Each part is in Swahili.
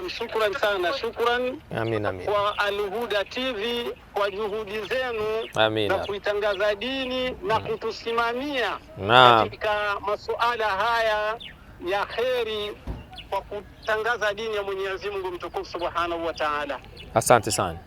Naam, shukran sana, shukran. Amin, amin. Kwa Alhuda TV kwa juhudi zenu amin, na kuitangaza dini na kutusimamia katika masuala haya ya kheri kwa kutangaza dini ya Mwenyezi Mungu mtukufu Subhanahu wa Ta'ala. Asante sana.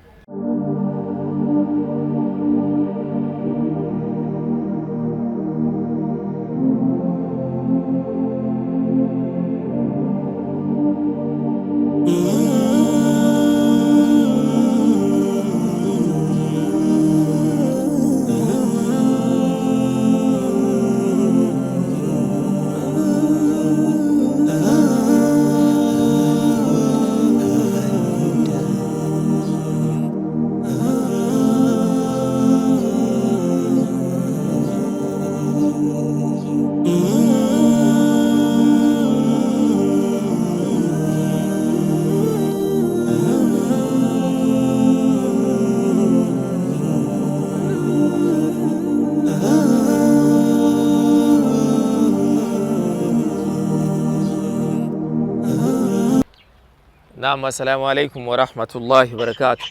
Naam, assalamu alaikum warahmatullahi wabarakatuh.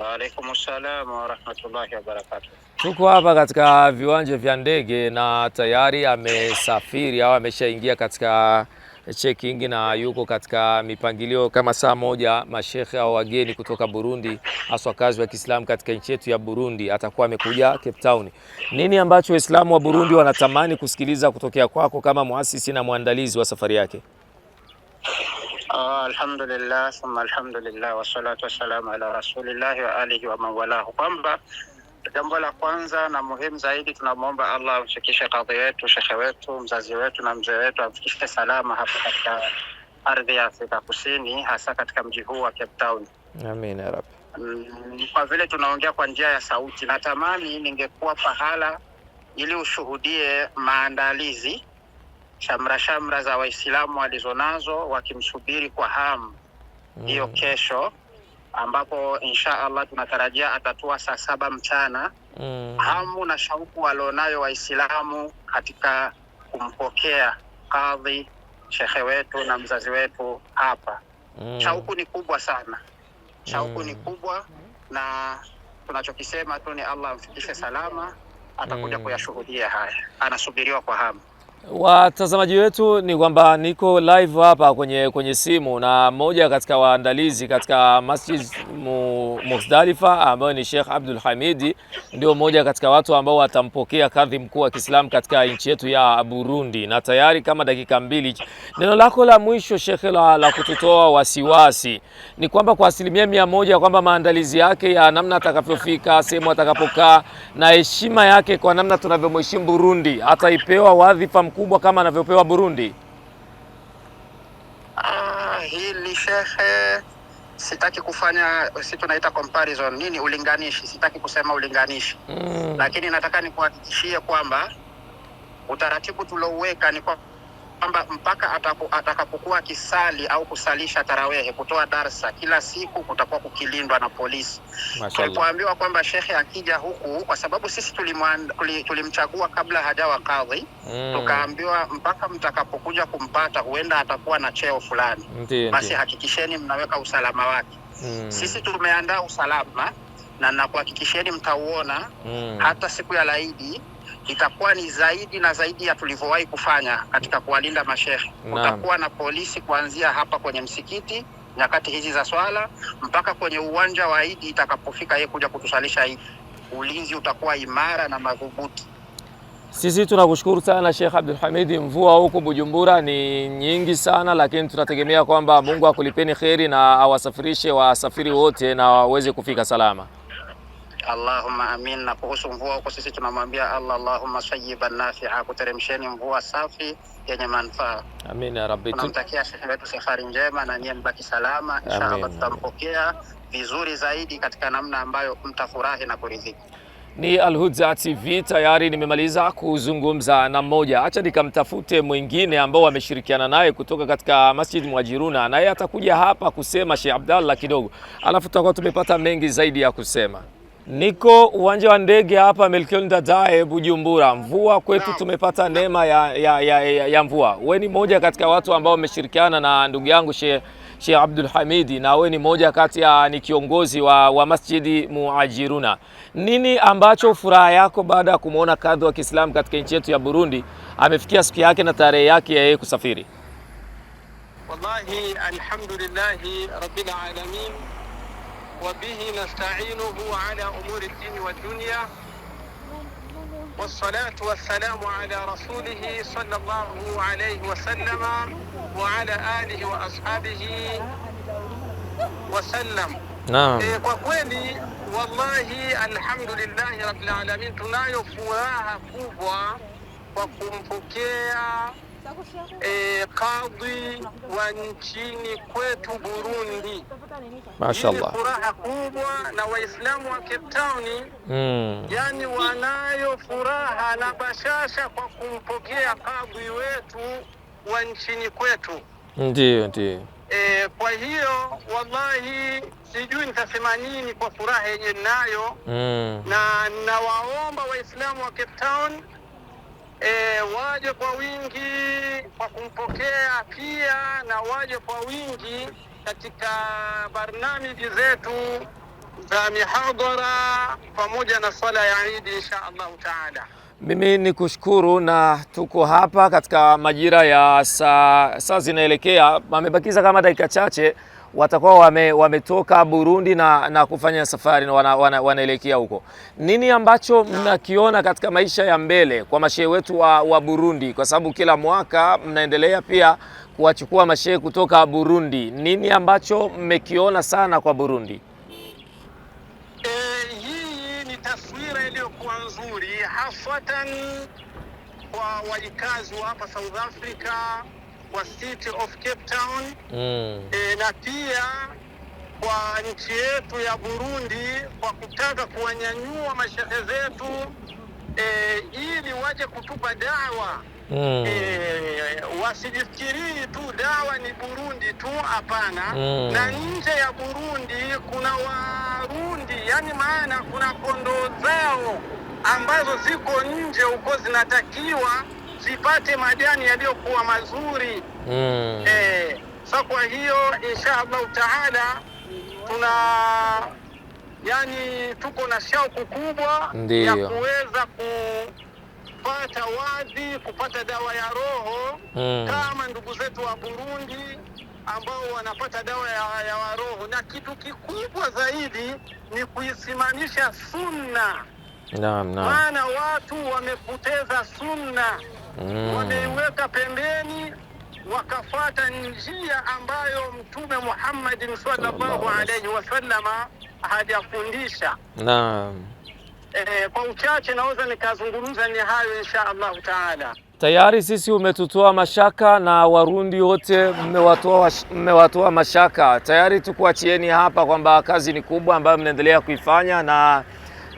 Wa alaikum warahmatullahi wabarakatuh. Tuko hapa katika viwanja vya ndege na tayari amesafiri au ameshaingia katika checking na yuko katika mipangilio kama saa moja. Mashekhe au wageni kutoka Burundi, haswa kazi wa Kiislamu katika nchi yetu ya Burundi, atakuwa amekuja Cape Town. Nini ambacho Waislamu wa Burundi wanatamani kusikiliza kutokea kwako kama muasisi na mwandalizi wa safari yake? Uh, alhamdulillah thumma alhamdulillah wassalatu wassalamu ala rasulillahi wa alihi wa mawalahu, kwamba jambo la kwanza na muhimu zaidi tunamwomba Allah amfikishe kadhi yetu shekhe wetu mzazi wetu na mzee wetu amfikishe salama hapa katika ardhi ya Afrika Kusini, hasa katika mji huu wa Cape Town. Amin ya rab. Mm, kwa vile tunaongea kwa njia ya sauti, natamani ningekuwa pahala ili ushuhudie maandalizi shamra shamra za Waislamu walizonazo wakimsubiri kwa hamu hmm. hiyo mm. kesho ambapo insha Allah tunatarajia atatua saa saba mchana mm. hamu na shauku walionayo Waislamu katika kumpokea kadhi shekhe wetu na mzazi wetu hapa mm. shauku ni kubwa sana, shauku mm. ni kubwa, na tunachokisema tu ni Allah amfikishe salama, atakuja mm. kuyashuhudia haya, anasubiriwa kwa hamu. Watazamaji wetu ni kwamba niko live hapa kwenye, kwenye simu na mmoja katika waandalizi katika Masjid Muzdalifa ambayo ni Sheikh Abdul Hamidi, ndio mmoja katika watu ambao watampokea kadhi mkuu wa Kiislamu katika nchi yetu ya Burundi, na tayari kama dakika mbili. Neno lako la mwisho Sheikh, la, la kututoa wasiwasi ni kwamba kwa asilimia mia moja kwamba maandalizi yake ya namna atakavyofika sehemu atakapokaa na heshima yake kwa namna tunavyomheshimu Burundi ataipewa wadhifa mkubwa kama anavyopewa Burundi? Ah, hili shehe, sitaki kufanya si tunaita comparison nini, ulinganishi. Sitaki kusema ulinganishi mm. Lakini nataka nikuhakikishie kwamba utaratibu tulouweka ni kwa kwamba mpaka atakapokuwa akisali au kusalisha tarawehe kutoa darsa kila siku kutakuwa kukilindwa na polisi. Tulipoambiwa kwamba shekhe akija huku, kwa sababu sisi tulimchagua kabla hajawa kadhi mm. Tukaambiwa mpaka mtakapokuja kumpata huenda atakuwa na cheo fulani, basi hakikisheni mnaweka usalama wake mm. Sisi tumeandaa usalama na nakuhakikisheni mtauona mm. hata siku ya laidi itakuwa ni zaidi na zaidi ya tulivyowahi kufanya katika kuwalinda mashehe. Kutakuwa na polisi kuanzia hapa kwenye msikiti nyakati hizi za swala mpaka kwenye uwanja wa Idi itakapofika yeye kuja kutusalisha Idi. Ulinzi utakuwa imara na madhubuti. Sisi tunakushukuru sana Sheikh Abdul hamidi Mvua huko Bujumbura ni nyingi sana, lakini tunategemea kwamba Mungu akulipeni kheri na awasafirishe wasafiri wote na waweze kufika salama. Allahumma amin. Na kuhusu mvua huko, sisi tunamwambia Allah, Allahumma sayyiban nafia, kuteremsheni mvua safi yenye manufaa. Amin ya rabbi. Tunamtakia shehe wetu safari njema, na nyie mbaki salama. inshallah tutampokea vizuri zaidi katika namna ambayo mtafurahi na kuridhika. Ni Alhuda TV tayari nimemaliza kuzungumza na mmoja, acha nikamtafute mwingine ambao ameshirikiana naye kutoka katika Masjid Mwajiruna, na yeye atakuja hapa kusema Sheikh Abdallah kidogo, alafu tutakuwa tumepata mengi zaidi ya kusema. Niko uwanja wa ndege hapa Melchior Ndadaye Bujumbura. Mvua kwetu tumepata neema ya, ya, ya, ya, ya mvua. We ni moja katika watu ambao wameshirikiana na ndugu yangu Sheikh Sheikh Abdul Hamidi, na we ni moja kati ya ni kiongozi wa, wa Masjidi Muajiruna. Nini ambacho furaha yako baada ya kumwona kadhi wa Kiislamu katika nchi yetu ya Burundi amefikia siku yake na tarehe yake ya yeye kusafiri? Wallahi, alhamdulillahi rabbil alamin وبه نستعينه على أمور الدين والدنيا والصلاة والسلام على رسوله صلى الله عليه وسلم وعلى آله وأصحابه وسلم نعم وكويني والله الحمد لله رب العالمين تنايو فراها كبوة وكمفكية قاضي وانشيني كويت بروندي Mashallah. Furaha kubwa na Waislamu wa Cape Town mm. Yani wanayo furaha na bashasha kwa kumpokea kadhi wetu wa nchini kwetu. Ndio, ndio. E, kwa hiyo wallahi sijui nitasema nini kwa furaha yenye ninayo mm. na nawaomba Waislamu wa Cape Town E, waje kwa wingi kwa kumpokea pia na waje kwa wingi katika barnamiji zetu za mihadhara pamoja na swala ya Idi insha Allahu taala. Mimi ni kushukuru na tuko hapa katika majira ya saa saa zinaelekea, wamebakiza kama dakika chache, watakuwa wame, wametoka Burundi na, na kufanya safari na wana, wana, wanaelekea huko. Nini ambacho mnakiona katika maisha ya mbele kwa mashehe wetu wa, wa Burundi, kwa sababu kila mwaka mnaendelea pia kuwachukua mashehe kutoka Burundi. Nini ambacho mmekiona sana kwa Burundi? E, hii ni taswira iliyokuwa nzuri haswatan kwa wajikazi wa hapa South Africa kwa city of Cape Town mm. E, na pia kwa nchi yetu ya Burundi kwa kutaka kuwanyanyua mashehe zetu e, waache kutupa dawa mm. E, eh, wasijifikirii tu dawa ni Burundi tu, hapana mm. na nje ya Burundi kuna Warundi, yani maana kuna kondoo zao ambazo ziko nje huko zinatakiwa zipate majani yaliyokuwa mazuri mm. E, sa kwa hiyo insha Allahu taala tuna yani tuko na shauku kubwa ya kuweza ku kupata wadhi, kupata dawa ya roho mm. kama ndugu zetu wa Burundi ambao wanapata dawa ya, ya roho, na kitu kikubwa zaidi ni kuisimamisha sunna. Naam, naam. Maana watu wamepoteza sunna mm. wameiweka pembeni wakafata njia ambayo Mtume Muhammad sallallahu alaihi wasallam hajafundisha. Naam eh, kwa uchache naweza nikazungumza ni hayo insha Allah taala. Tayari sisi umetutoa mashaka na Warundi wote mmewatoa mmewatoa mashaka tayari. Tukuachieni hapa kwamba kazi ni kubwa ambayo mnaendelea kuifanya na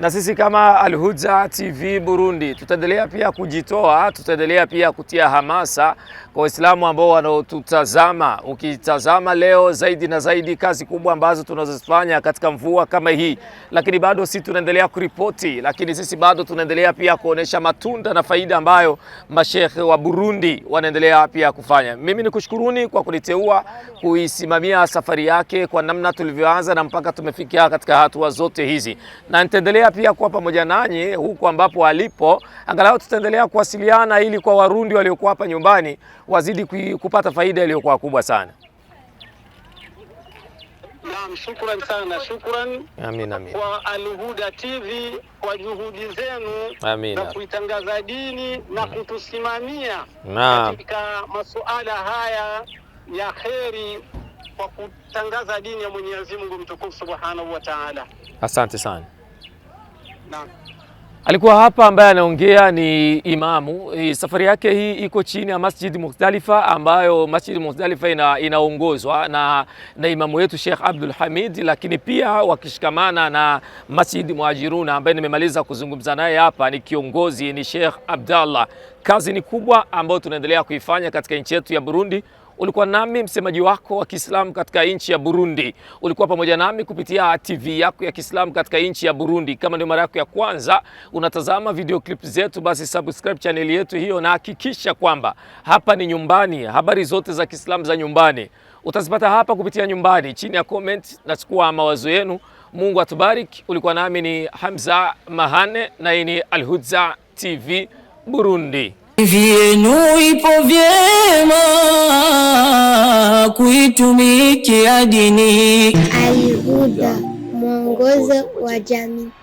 na sisi kama Alhuda TV Burundi tutaendelea pia kujitoa, tutaendelea pia kutia hamasa kwa Waislamu ambao wanaotutazama. Ukitazama leo zaidi na zaidi kazi kubwa ambazo tunazozifanya katika mvua kama hii, lakini bado sisi tunaendelea kuripoti, lakini sisi bado tunaendelea pia kuonesha matunda na faida ambayo mashehe wa Burundi wanaendelea pia kufanya. Mimi nikushukuruni kwa kuniteua kuisimamia safari yake kwa namna tulivyoanza na mpaka tumefikia katika hatua zote hizi na nitaendelea pia kuwa pamoja nanyi huku ambapo alipo. Angalau tutaendelea kuwasiliana ili kwa Warundi waliokuwa hapa nyumbani wazidi kupata faida iliyokuwa kubwa sana. Naam, shukran sana, shukran. Amin, amin. Kwa Alhuda TV kwa juhudi zenu amin, na kuitangaza dini na kutusimamia katika masuala haya ya kheri kwa kutangaza dini ya Mwenyezi Mungu mtukufu Subhanahu wa Ta'ala. Asante sana. Alikuwa hapa ambaye anaongea ni imamu. Eh, safari yake hii iko chini ya Masjid Muzdalifa ambayo Masjid Muzdalifa ina, inaongozwa na, na imamu wetu Sheikh Abdul Hamid, lakini pia wakishikamana na Masjid Muajiruna ambaye nimemaliza kuzungumza naye hapa, ni kiongozi ni Sheikh Abdallah. Kazi ni kubwa ambayo tunaendelea kuifanya katika nchi yetu ya Burundi Ulikuwa nami msemaji wako wa Kiislamu katika nchi ya Burundi. Ulikuwa pamoja nami kupitia TV yako ya Kiislamu katika nchi ya Burundi. Kama ndio mara yako ya kwanza unatazama video clip zetu, basi subscribe channel yetu hiyo, na hakikisha kwamba hapa ni nyumbani. Habari zote za Kiislamu za nyumbani utazipata hapa kupitia nyumbani. Chini ya comment nachukua mawazo yenu. Mungu atubariki. Ulikuwa nami ni Hamza Mahane na hii ni TV Burundi vyenu ipo vyema kuitumikia dini. Alhuda, mwongozo wa jamii.